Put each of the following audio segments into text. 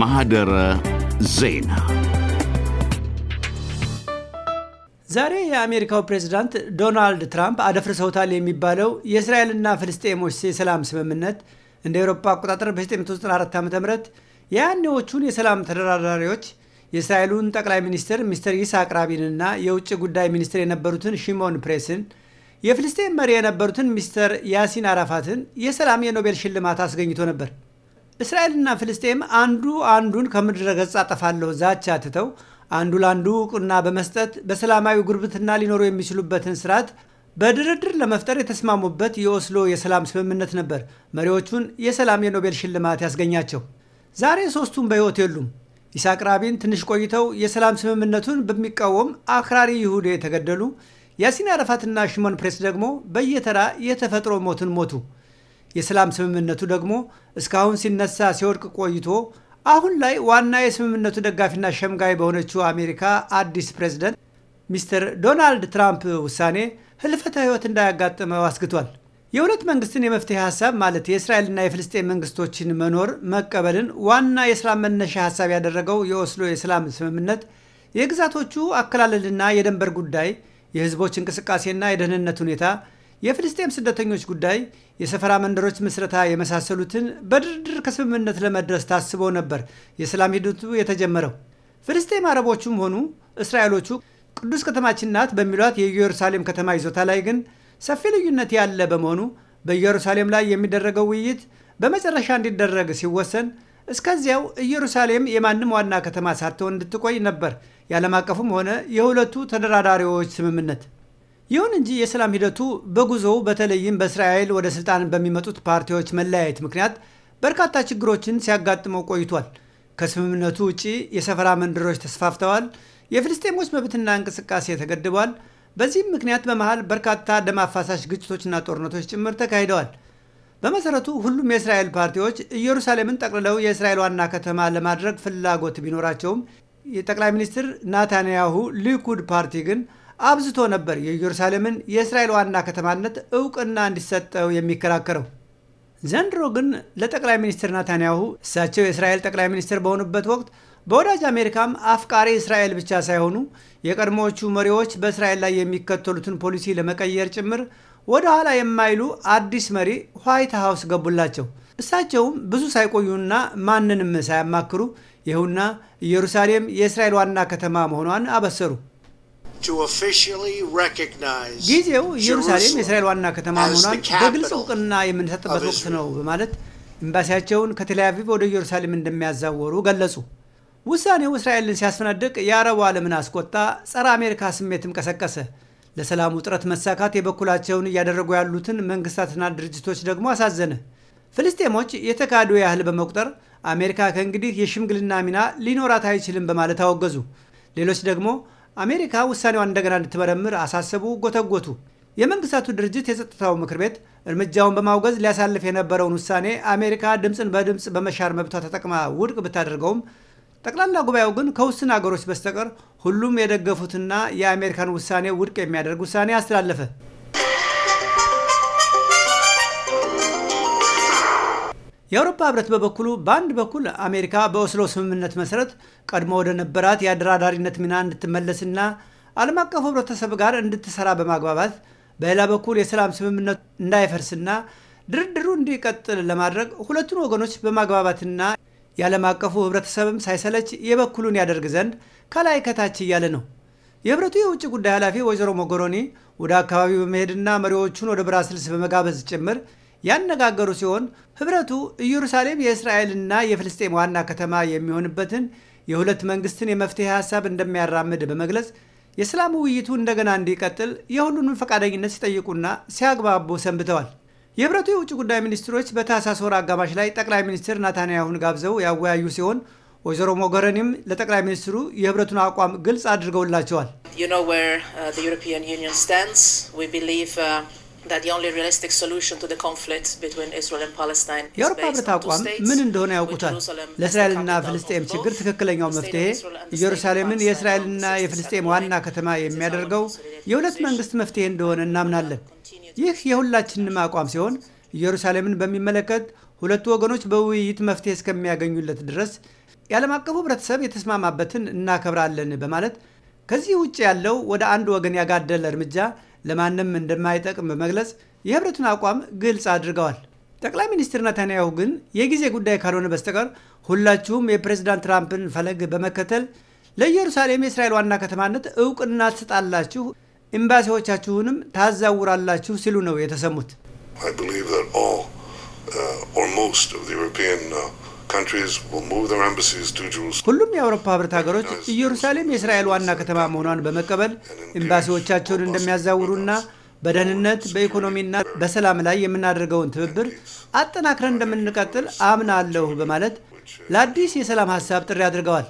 ማህደረ ዜና ዛሬ የአሜሪካው ፕሬዝዳንት ዶናልድ ትራምፕ አደፍርሰውታል የሚባለው የእስራኤልና ፍልስጤሞች የሰላም ስምምነት እንደ ኤሮፓ አቆጣጠር በ1994 ዓ ም የያኔዎቹን የሰላም ተደራዳሪዎች የእስራኤሉን ጠቅላይ ሚኒስትር ሚስተር ይስሐቅ ራቢንና የውጭ ጉዳይ ሚኒስትር የነበሩትን ሺሞን ፕሬስን የፍልስጤን መሪ የነበሩትን ሚስተር ያሲን አራፋትን የሰላም የኖቤል ሽልማት አስገኝቶ ነበር። እስራኤልና ፍልስጤም አንዱ አንዱን ከምድረ ገጽ አጠፋለሁ ዛቻ ትተው አንዱ ለአንዱ እውቅና በመስጠት በሰላማዊ ጉርብትና ሊኖሩ የሚችሉበትን ስርዓት በድርድር ለመፍጠር የተስማሙበት የኦስሎ የሰላም ስምምነት ነበር መሪዎቹን የሰላም የኖቤል ሽልማት ያስገኛቸው። ዛሬ ሶስቱም በሕይወት የሉም። ይስሐቅ ራቢን ትንሽ ቆይተው የሰላም ስምምነቱን በሚቃወም አክራሪ ይሁዴ የተገደሉ ያሲን አረፋትና ሽሞን ፕሬስ ደግሞ በየተራ የተፈጥሮ ሞትን ሞቱ። የሰላም ስምምነቱ ደግሞ እስካሁን ሲነሳ ሲወድቅ ቆይቶ አሁን ላይ ዋና የስምምነቱ ደጋፊና ሸምጋይ በሆነችው አሜሪካ አዲስ ፕሬዝደንት ሚስተር ዶናልድ ትራምፕ ውሳኔ ህልፈተ ህይወት እንዳያጋጥመው አስግቷል። የሁለት መንግስትን የመፍትሄ ሀሳብ ማለት የእስራኤልና የፍልስጤን መንግስቶችን መኖር መቀበልን ዋና የሰላም መነሻ ሀሳብ ያደረገው የኦስሎ የሰላም ስምምነት የግዛቶቹ አከላለልና የደንበር ጉዳይ የህዝቦች እንቅስቃሴና የደህንነት ሁኔታ፣ የፍልስጤም ስደተኞች ጉዳይ፣ የሰፈራ መንደሮች ምስረታ የመሳሰሉትን በድርድር ከስምምነት ለመድረስ ታስቦ ነበር የሰላም ሂደቱ የተጀመረው። ፍልስጤም አረቦቹም ሆኑ እስራኤሎቹ ቅዱስ ከተማችን ናት በሚሏት የኢየሩሳሌም ከተማ ይዞታ ላይ ግን ሰፊ ልዩነት ያለ በመሆኑ በኢየሩሳሌም ላይ የሚደረገው ውይይት በመጨረሻ እንዲደረግ ሲወሰን እስከዚያው ኢየሩሳሌም የማንም ዋና ከተማ ሳትሆን እንድትቆይ ነበር የዓለም አቀፉም ሆነ የሁለቱ ተደራዳሪዎች ስምምነት። ይሁን እንጂ የሰላም ሂደቱ በጉዞው በተለይም በእስራኤል ወደ ስልጣን በሚመጡት ፓርቲዎች መለያየት ምክንያት በርካታ ችግሮችን ሲያጋጥመው ቆይቷል። ከስምምነቱ ውጪ የሰፈራ መንደሮች ተስፋፍተዋል። የፍልስጤሞች መብትና እንቅስቃሴ ተገድቧል። በዚህም ምክንያት በመሃል በርካታ ደም አፋሳሽ ግጭቶችና ጦርነቶች ጭምር ተካሂደዋል። በመሰረቱ ሁሉም የእስራኤል ፓርቲዎች ኢየሩሳሌምን ጠቅልለው የእስራኤል ዋና ከተማ ለማድረግ ፍላጎት ቢኖራቸውም የጠቅላይ ሚኒስትር ናታንያሁ ሊኩድ ፓርቲ ግን አብዝቶ ነበር የኢየሩሳሌምን የእስራኤል ዋና ከተማነት እውቅና እንዲሰጠው የሚከራከረው። ዘንድሮ ግን ለጠቅላይ ሚኒስትር ናታንያሁ እሳቸው የእስራኤል ጠቅላይ ሚኒስትር በሆኑበት ወቅት በወዳጅ አሜሪካም አፍቃሪ እስራኤል ብቻ ሳይሆኑ የቀድሞዎቹ መሪዎች በእስራኤል ላይ የሚከተሉትን ፖሊሲ ለመቀየር ጭምር ወደ ኋላ የማይሉ አዲስ መሪ ዋይት ሀውስ ገቡላቸው። እሳቸውም ብዙ ሳይቆዩና ማንንም ሳያማክሩ ይኸውና ኢየሩሳሌም የእስራኤል ዋና ከተማ መሆኗን አበሰሩ። ጊዜው ኢየሩሳሌም የእስራኤል ዋና ከተማ መሆኗን በግልጽ እውቅና የምንሰጥበት ወቅት ነው በማለት ኤምባሲያቸውን ከቴልአቪቭ ወደ ኢየሩሳሌም እንደሚያዛወሩ ገለጹ። ውሳኔው እስራኤልን ሲያስፈነድቅ የአረቡ ዓለምን አስቆጣ፣ ጸረ አሜሪካ ስሜትም ቀሰቀሰ። ለሰላሙ ጥረት መሳካት የበኩላቸውን እያደረጉ ያሉትን መንግስታትና ድርጅቶች ደግሞ አሳዘነ። ፍልስጤሞች የተካዱ ያህል በመቁጠር አሜሪካ ከእንግዲህ የሽምግልና ሚና ሊኖራት አይችልም በማለት አወገዙ። ሌሎች ደግሞ አሜሪካ ውሳኔዋን እንደገና እንድትመረምር አሳሰቡ፣ ጎተጎቱ። የመንግስታቱ ድርጅት የጸጥታው ምክር ቤት እርምጃውን በማውገዝ ሊያሳልፍ የነበረውን ውሳኔ አሜሪካ ድምፅን በድምፅ በመሻር መብቷ ተጠቅማ ውድቅ ብታደርገውም ጠቅላላ ጉባኤው ግን ከውስን አገሮች በስተቀር ሁሉም የደገፉትና የአሜሪካን ውሳኔ ውድቅ የሚያደርግ ውሳኔ አስተላለፈ። የአውሮፓ ህብረት በበኩሉ በአንድ በኩል አሜሪካ በኦስሎ ስምምነት መሰረት ቀድሞ ወደ ነበራት የአደራዳሪነት ሚና እንድትመለስና ዓለም አቀፉ ህብረተሰብ ጋር እንድትሰራ በማግባባት በሌላ በኩል የሰላም ስምምነቱ እንዳይፈርስና ድርድሩ እንዲቀጥል ለማድረግ ሁለቱን ወገኖች በማግባባትና የዓለም አቀፉ ህብረተሰብም ሳይሰለች የበኩሉን ያደርግ ዘንድ ከላይ ከታች እያለ ነው። የህብረቱ የውጭ ጉዳይ ኃላፊ ወይዘሮ ሞጎሮኒ ወደ አካባቢው በመሄድና መሪዎቹን ወደ ብራስልስ በመጋበዝ ጭምር ያነጋገሩ ሲሆን ህብረቱ ኢየሩሳሌም የእስራኤልና የፍልስጤም ዋና ከተማ የሚሆንበትን የሁለት መንግስትን የመፍትሄ ሀሳብ እንደሚያራምድ በመግለጽ የሰላም ውይይቱ እንደገና እንዲቀጥል የሁሉንም ፈቃደኝነት ሲጠይቁና ሲያግባቡ ሰንብተዋል። የህብረቱ የውጭ ጉዳይ ሚኒስትሮች በታህሳስ ወር አጋማሽ ላይ ጠቅላይ ሚኒስትር ናታንያሁን ጋብዘው ያወያዩ ሲሆን ወይዘሮ ሞገሪኒም ለጠቅላይ ሚኒስትሩ የህብረቱን አቋም ግልጽ አድርገውላቸዋል። uh, የአውሮፓ ህብረት አቋም ምን እንደሆነ ያውቁታል። ለእስራኤልና ፍልስጤም ችግር ትክክለኛው መፍትሄ ኢየሩሳሌምን የእስራኤልና የፍልስጤም ዋና ከተማ የሚያደርገው የሁለት መንግስት መፍትሄ እንደሆነ እናምናለን። ይህ የሁላችንም አቋም ሲሆን ኢየሩሳሌምን በሚመለከት ሁለቱ ወገኖች በውይይት መፍትሄ እስከሚያገኙለት ድረስ የዓለም አቀፉ ህብረተሰብ የተስማማበትን እናከብራለን በማለት ከዚህ ውጭ ያለው ወደ አንድ ወገን ያጋደለ እርምጃ ለማንም እንደማይጠቅም በመግለጽ የህብረቱን አቋም ግልጽ አድርገዋል። ጠቅላይ ሚኒስትር ነታንያሁ ግን የጊዜ ጉዳይ ካልሆነ በስተቀር ሁላችሁም የፕሬዝዳንት ትራምፕን ፈለግ በመከተል ለኢየሩሳሌም የእስራኤል ዋና ከተማነት እውቅና ትሰጣላችሁ፣ ኤምባሲዎቻችሁንም ታዛውራላችሁ ሲሉ ነው የተሰሙት። ሁሉም የአውሮፓ ህብረት ሀገሮች ኢየሩሳሌም የእስራኤል ዋና ከተማ መሆኗን በመቀበል ኤምባሲዎቻቸውን እንደሚያዛውሩና በደህንነት በኢኮኖሚና በሰላም ላይ የምናደርገውን ትብብር አጠናክረን እንደምንቀጥል አምናለሁ በማለት ለአዲስ የሰላም ሀሳብ ጥሪ አድርገዋል።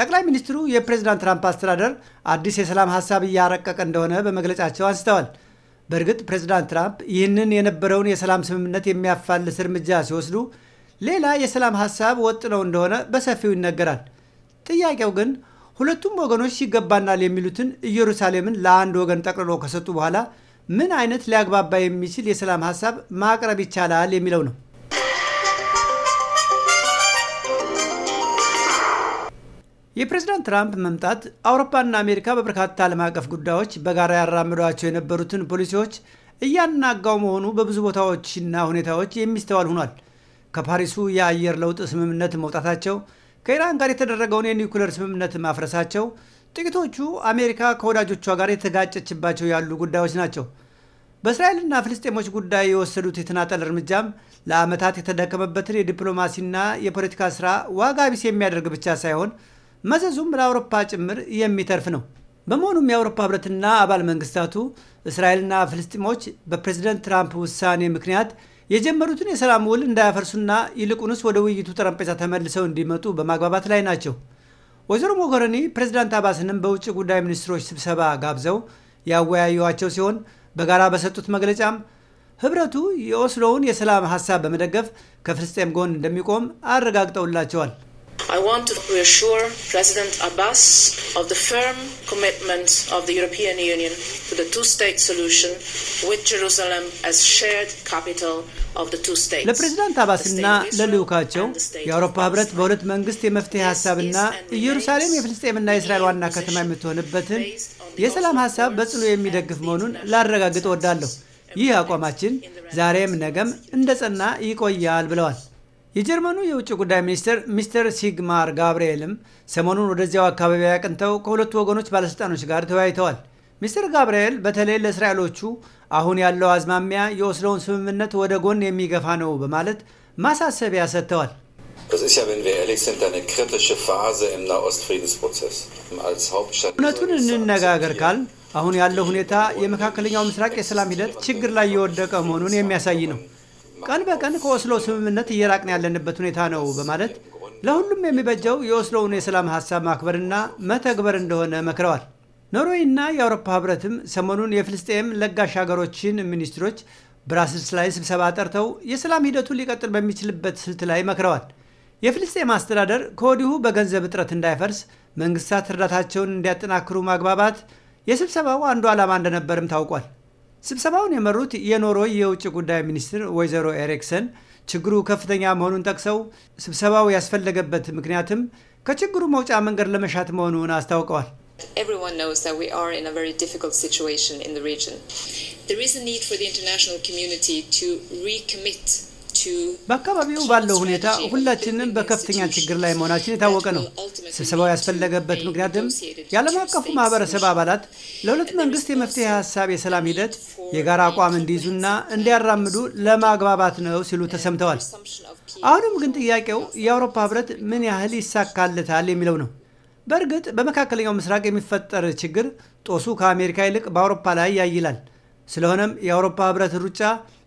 ጠቅላይ ሚኒስትሩ የፕሬዚዳንት ትራምፕ አስተዳደር አዲስ የሰላም ሀሳብ እያረቀቀ እንደሆነ በመግለጫቸው አንስተዋል። በእርግጥ ፕሬዚዳንት ትራምፕ ይህንን የነበረውን የሰላም ስምምነት የሚያፋልስ እርምጃ ሲወስዱ ሌላ የሰላም ሀሳብ ወጥ ነው እንደሆነ በሰፊው ይነገራል። ጥያቄው ግን ሁለቱም ወገኖች ይገባናል የሚሉትን ኢየሩሳሌምን ለአንድ ወገን ጠቅልሎ ከሰጡ በኋላ ምን አይነት ሊያግባባ የሚችል የሰላም ሀሳብ ማቅረብ ይቻላል የሚለው ነው። የፕሬዝዳንት ትራምፕ መምጣት አውሮፓና አሜሪካ በበርካታ ዓለም አቀፍ ጉዳዮች በጋራ ያራምዷቸው የነበሩትን ፖሊሲዎች እያናጋው መሆኑ በብዙ ቦታዎችና ሁኔታዎች የሚስተዋል ሆኗል። ከፓሪሱ የአየር ለውጥ ስምምነት መውጣታቸው፣ ከኢራን ጋር የተደረገውን የኒውክለር ስምምነት ማፍረሳቸው ጥቂቶቹ አሜሪካ ከወዳጆቿ ጋር የተጋጨችባቸው ያሉ ጉዳዮች ናቸው። በእስራኤልና ፍልስጤሞች ጉዳይ የወሰዱት የተናጠል እርምጃም ለዓመታት የተደከመበትን የዲፕሎማሲና የፖለቲካ ስራ ዋጋ ቢስ የሚያደርግ ብቻ ሳይሆን መዘዙም ለአውሮፓ ጭምር የሚተርፍ ነው። በመሆኑም የአውሮፓ ህብረትና አባል መንግስታቱ እስራኤልና ፍልስጢሞች በፕሬዝደንት ትራምፕ ውሳኔ ምክንያት የጀመሩትን የሰላም ውል እንዳያፈርሱና ይልቁንስ ወደ ውይይቱ ጠረጴዛ ተመልሰው እንዲመጡ በማግባባት ላይ ናቸው። ወይዘሮ ሞገሪኒ ፕሬዚዳንት አባስንም በውጭ ጉዳይ ሚኒስትሮች ስብሰባ ጋብዘው ያወያዩቸው ሲሆን በጋራ በሰጡት መግለጫም ህብረቱ የኦስሎውን የሰላም ሀሳብ በመደገፍ ከፍልስጤም ጎን እንደሚቆም አረጋግጠውላቸዋል። I want to reassure President Abbas of the firm commitment of the European Union to the two-state solution with Jerusalem as shared capital ለፕሬዝዳንት አባስና ለልዑካቸው የአውሮፓ ህብረት በሁለት መንግስት የመፍትሄ ሀሳብና ኢየሩሳሌም የፍልስጤምና የእስራኤል ዋና ከተማ የምትሆንበትን የሰላም ሀሳብ በጽኑ የሚደግፍ መሆኑን ላረጋግጥ ወዳለሁ። ይህ አቋማችን ዛሬም ነገም እንደ ጸና ይቆያል ብለዋል። የጀርመኑ የውጭ ጉዳይ ሚኒስትር ሚስተር ሲግማር ጋብርኤልም ሰሞኑን ወደዚያው አካባቢ አቅንተው ከሁለቱ ወገኖች ባለሥልጣኖች ጋር ተወያይተዋል። ሚስተር ጋብርኤል በተለይ ለእስራኤሎቹ አሁን ያለው አዝማሚያ የኦስሎውን ስምምነት ወደ ጎን የሚገፋ ነው በማለት ማሳሰቢያ ሰጥተዋል። እውነቱን እንነጋገር ካል አሁን ያለው ሁኔታ የመካከለኛው ምስራቅ የሰላም ሂደት ችግር ላይ የወደቀ መሆኑን የሚያሳይ ነው። ቀን በቀን ከኦስሎ ስምምነት እየራቅን ያለንበት ሁኔታ ነው በማለት ለሁሉም የሚበጀው የኦስሎውን የሰላም ሀሳብ ማክበርና መተግበር እንደሆነ መክረዋል። ኖርዌይና የአውሮፓ ህብረትም ሰሞኑን የፍልስጤም ለጋሽ ሀገሮችን ሚኒስትሮች ብራስልስ ላይ ስብሰባ ጠርተው የሰላም ሂደቱ ሊቀጥል በሚችልበት ስልት ላይ መክረዋል። የፍልስጤም አስተዳደር ከወዲሁ በገንዘብ እጥረት እንዳይፈርስ መንግስታት እርዳታቸውን እንዲያጠናክሩ ማግባባት የስብሰባው አንዱ ዓላማ እንደነበርም ታውቋል። ስብሰባውን የመሩት የኖርዌይ የውጭ ጉዳይ ሚኒስትር ወይዘሮ ኤሪክሰን ችግሩ ከፍተኛ መሆኑን ጠቅሰው ስብሰባው ያስፈለገበት ምክንያትም ከችግሩ መውጫ መንገድ ለመሻት መሆኑን አስታውቀዋል። There is a need for the international community to recommit በአካባቢው ባለው ሁኔታ ሁላችንም በከፍተኛ ችግር ላይ መሆናችን የታወቀ ነው። ስብሰባው ያስፈለገበት ምክንያትም የዓለም አቀፉ ማህበረሰብ አባላት ለሁለት መንግስት የመፍትሄ ሀሳብ የሰላም ሂደት የጋራ አቋም እንዲይዙና እንዲያራምዱ ለማግባባት ነው ሲሉ ተሰምተዋል። አሁንም ግን ጥያቄው የአውሮፓ ህብረት ምን ያህል ይሳካለታል የሚለው ነው። በእርግጥ በመካከለኛው ምስራቅ የሚፈጠር ችግር ጦሱ ከአሜሪካ ይልቅ በአውሮፓ ላይ ያይላል። ስለሆነም የአውሮፓ ህብረት ሩጫ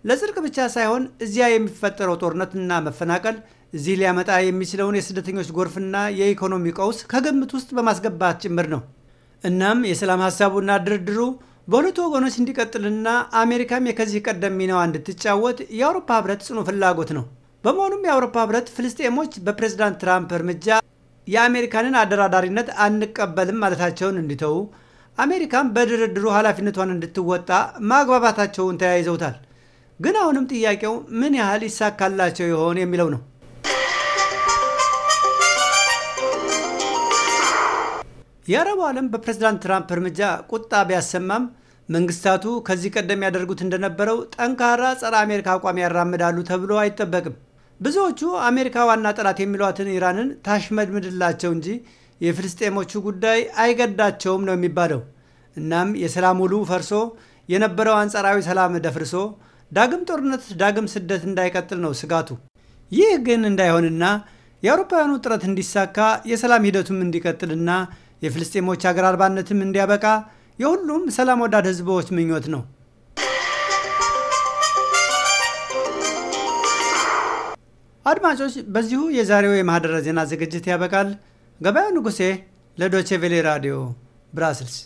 ለጽድቅ ብቻ ሳይሆን እዚያ የሚፈጠረው ጦርነትና መፈናቀል እዚህ ሊያመጣ የሚችለውን የስደተኞች ጎርፍና የኢኮኖሚ ቀውስ ከግምት ውስጥ በማስገባት ጭምር ነው። እናም የሰላም ሀሳቡና ድርድሩ በሁለቱ ወገኖች እንዲቀጥልና አሜሪካም የከዚህ ቀደም ሚናዋ እንድትጫወት የአውሮፓ ህብረት ጽኑ ፍላጎት ነው። በመሆኑም የአውሮፓ ህብረት ፍልስጤሞች በፕሬዝዳንት ትራምፕ እርምጃ የአሜሪካንን አደራዳሪነት አንቀበልም ማለታቸውን እንዲተዉ፣ አሜሪካም በድርድሩ ኃላፊነቷን እንድትወጣ ማግባባታቸውን ተያይዘውታል። ግን አሁንም ጥያቄው ምን ያህል ይሳካላቸው ይሆን የሚለው ነው። የአረቡ ዓለም በፕሬዝዳንት ትራምፕ እርምጃ ቁጣ ቢያሰማም መንግስታቱ ከዚህ ቀደም ያደርጉት እንደነበረው ጠንካራ ጸረ አሜሪካ አቋም ያራምዳሉ ተብሎ አይጠበቅም። ብዙዎቹ አሜሪካ ዋና ጠላት የሚሏትን ኢራንን ታሽመድምድላቸው እንጂ የፍልስጤሞቹ ጉዳይ አይገዳቸውም ነው የሚባለው። እናም የሰላም ውሉ ፈርሶ የነበረው አንጻራዊ ሰላም ደፍርሶ ዳግም ጦርነት፣ ዳግም ስደት እንዳይቀጥል ነው ስጋቱ። ይህ ግን እንዳይሆንና የአውሮፓውያኑ ጥረት እንዲሳካ የሰላም ሂደቱም እንዲቀጥልና የፍልስጤሞች አገር አልባነትም እንዲያበቃ የሁሉም ሰላም ወዳድ ህዝቦች ምኞት ነው። አድማጮች፣ በዚሁ የዛሬው የማህደረ ዜና ዝግጅት ያበቃል። ገበያው ንጉሴ ለዶቼቬሌ ራዲዮ ብራስልስ